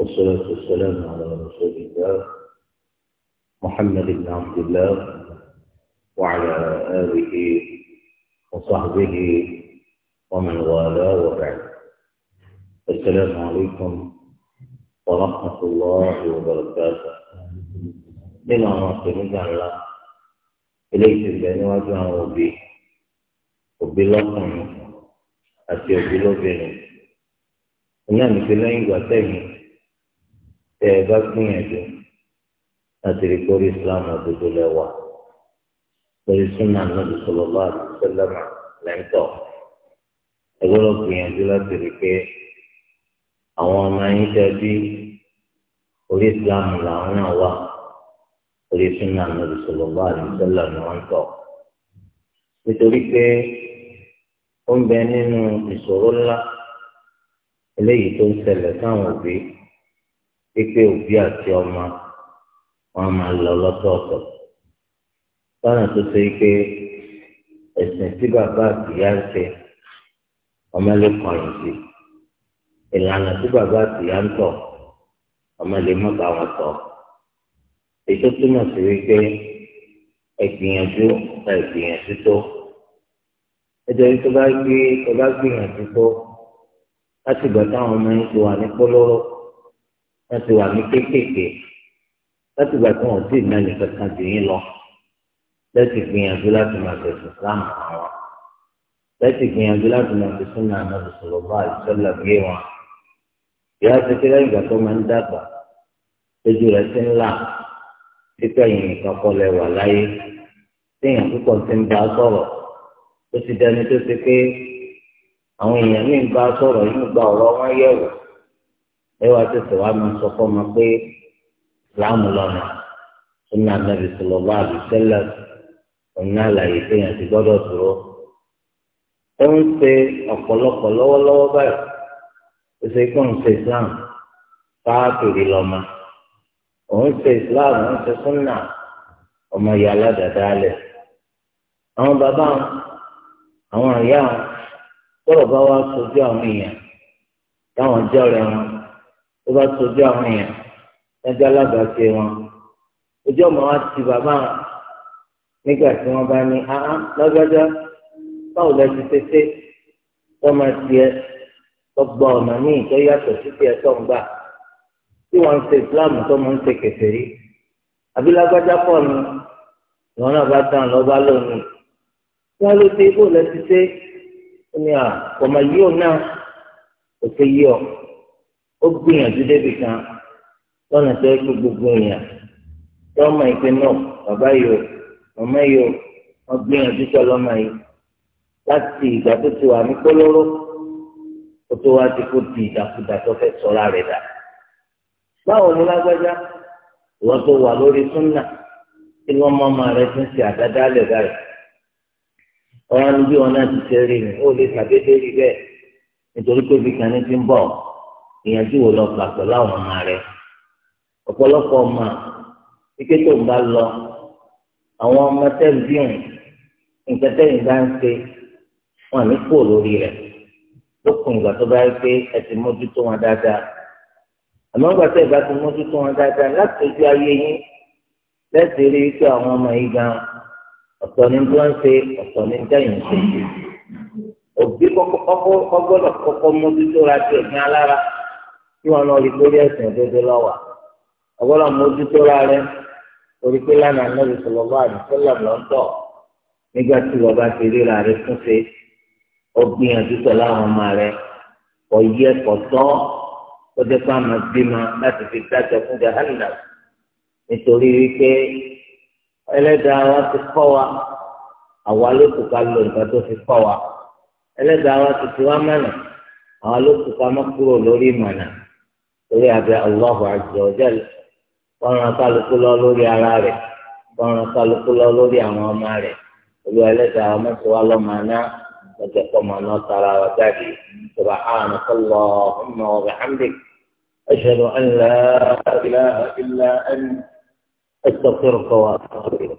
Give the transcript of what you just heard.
والصلاة والسلام على رسول الله محمد بن عبد الله وعلى آله وصحبه ومن والاه وبعد السلام عليكم ورحمة الله وبركاته من عناصر الله إليك الجنة وأجمع ربي وبي أتي وبي إنني إنما في لين tẹ ẹ bá gbìyànjú láti rí kórí islam òdodo lẹ́wà lórí súnà nàbì sọlọ́lá àti sẹlẹ̀mà lẹ́ńtọ̀ ẹ gbọ́dọ̀ gbìyànjú láti rí pé àwọn ọmọ yín dẹbí orí islam làwọn náà wà orí súnà nàbì sọlọ́lá àti sẹlẹ̀mà lẹ́ńtọ̀ nítorí pé ó ń bẹ nínú ìṣòro ńlá eléyìí tó ń ṣẹlẹ̀ sáwọn òbí pípé òbí àti ọmọ wọn máa lọ lọ́tọ̀ọ̀tọ̀ lọ́nà tó ṣe pé ẹ̀sìn tí bàbá àtìyá ń ṣe ọmọ lè kọ̀yìn sí ìlànà tí bàbá àtìyá ń tọ̀ ọmọ lè má bá wọn tọ̀ ètò túmọ̀ sí wípé ẹ̀gbìyànjú ẹ̀gbìyànjú tó ẹjọ́ yìí tó bá gbé tó bá gbìyànjú tó láti gbọ́ táwọn ọmọ yìí ti wà ní pọ́lọ́rọ́ wọ́n ti wà ní kéékèèké láti gbà tí wọ́n ti ná nìkan kan jù yín lọ lẹ́sìn gbìyànjú láti máa tẹ̀sán islam àwọn lẹ́sìn gbìyànjú láti máa tẹ̀sán náà náà lọ́sọ̀ lọ́wọ́ àìsọ́lá gbé wọn. ìyá tètè lẹ́yìn ìgbà tó máa ń dàgbà lójú rẹ̀ ti ń là títọ́ yìí nìkan kọ́ lẹ wà láyé téèyàn púpọ̀ ti ń bá a sọ̀rọ̀ ó ti dẹni tó ti pé àwọn èèyàn ní ń bá a sọ̀rọ̀ yóò gba ọ̀rọ̀ wọn yẹ̀wò ẹ wá tẹsẹ̀ wá máa sọ fún ọmọ pé láàmú lọ́nà sunna anabi sallallahu alaihi wasallam ọ̀nà àlàyé téèyàn ti gbọ́dọ̀ dúró. ó ń pe ọ̀pọ̀lọpọ̀ lọ́wọ́lọ́wọ́ báyìí ó ṣe kó ń ṣe islam káàkiri lọ́mọ òun ṣe islam òun ṣe sunna ọmọ ìyá aládàáda alẹ̀ àwọn bàbá àwọn àyà kọ́rọ̀ bá wá sojú àwọn èèyàn táwọn jọ́rẹ̀ wọn tó bá sojú àwọn èèyàn lọ́jọ́ alábàáṣe wọn ojú ọmọ wa ti bàbá wọn nígbà tí wọ́n bá ní ahán lọ́gbẹ́jọ́ báwo lẹ ti tètè tọ́mọ tiẹ̀ tọgbà ọ̀nà míì tó yàtọ̀ sí tiẹ̀ tó ń gbà tí wọ́n ń ṣe Islam tó mọ̀ ń ṣe kẹfẹ́ rí àbí lágbájá pọ̀ ni ìwọ́n náà bá tán lọ́ba lónìí tí wọ́n ló dé bó lẹ ti tẹ́ ó ní à ọmọ yìí ò náà kò tẹ́ yí ọ ó gbìyànjú débi kan lọ́nà tó kó gbogbo èèyàn tó ọmọ ìpè náà bàbá yìí o màmá wọ́n gbìyànjú tó lọ́mọ yìí láti ìgbà tó ti wà ní kólóró kó tó wá ti kó di ìdàkudà tó fẹ́ sọ́ra rẹ̀ dà. báwo ni lágbájá ìwọ tó wà lórí súnà tí wọ́n mọ ọmọ rẹ ń ṣe àdáda lẹ̀ ọ̀rọ̀ ni bí ìyànjú wo lọ gbà pẹ̀lú àwọn ọmọ rẹ ọ̀pọ̀lọpọ̀ ọmọ ike tó ń bá lọ àwọn ọmọ tẹ́lifíọ̀n nǹkan tẹ́yìn bá ń ṣe wọn ní kó lórí rẹ̀ lókun ìgbà tó bá yẹ pé ẹ ti mójútó wọn dáadáa àmọ́ ìgbà tó ìgbà tó mójútó wọn dáadáa láti ojú ayé yín lẹ́sìn rí pé àwọn ọmọ yìí gan ọ̀tọ̀ ní tí wọ́n ṣe ọ̀tọ̀ ní tẹ́yìn ṣe òbí kọ́kọ́ kọ́kọ́ mójútó ra ti ẹ̀gbìn alára kí wọn lọ rí lórí ẹsẹ̀ òdodo lọ́wọ́ ọgbọ́dọ̀ mójútó rárẹ orí pé lánàá nàbì sọlọ bá àdìsọlọ lọtọ nígbà tí wọn bá ti ríra rẹ fún ṣe ó gbìyànjú pẹ̀lú àwọn ọmọ rẹ ọyẹ kọtọ ó jẹ pé àmọ́ bímọ láti fi dájọ́ fún jahanna nítorí wípé ẹlẹ́dàá wa ti kọ́ wa àwa ló kù ká lo nǹkan tó fi kọ́ wa ẹlẹ́dàá wa ti fi wá mọ̀nà àwa ló kù ká má kúrò lórí mọ̀nà. torí abẹ Allahu azza wa jalla kọ́ran kálukú lọ lórí ara rẹ̀ kọ́ran kálukú lọ lórí àwọn ọmọ rẹ̀ olú ẹlẹ́dàá mẹ́tọ́wá lọ́mọ aná ọjọ́ kọ́mọ náà tara wa jáde subhanaka Allahumma wa bihamdik ashhadu an la ilaha illa anta astaghfiruka wa atubu ilayk.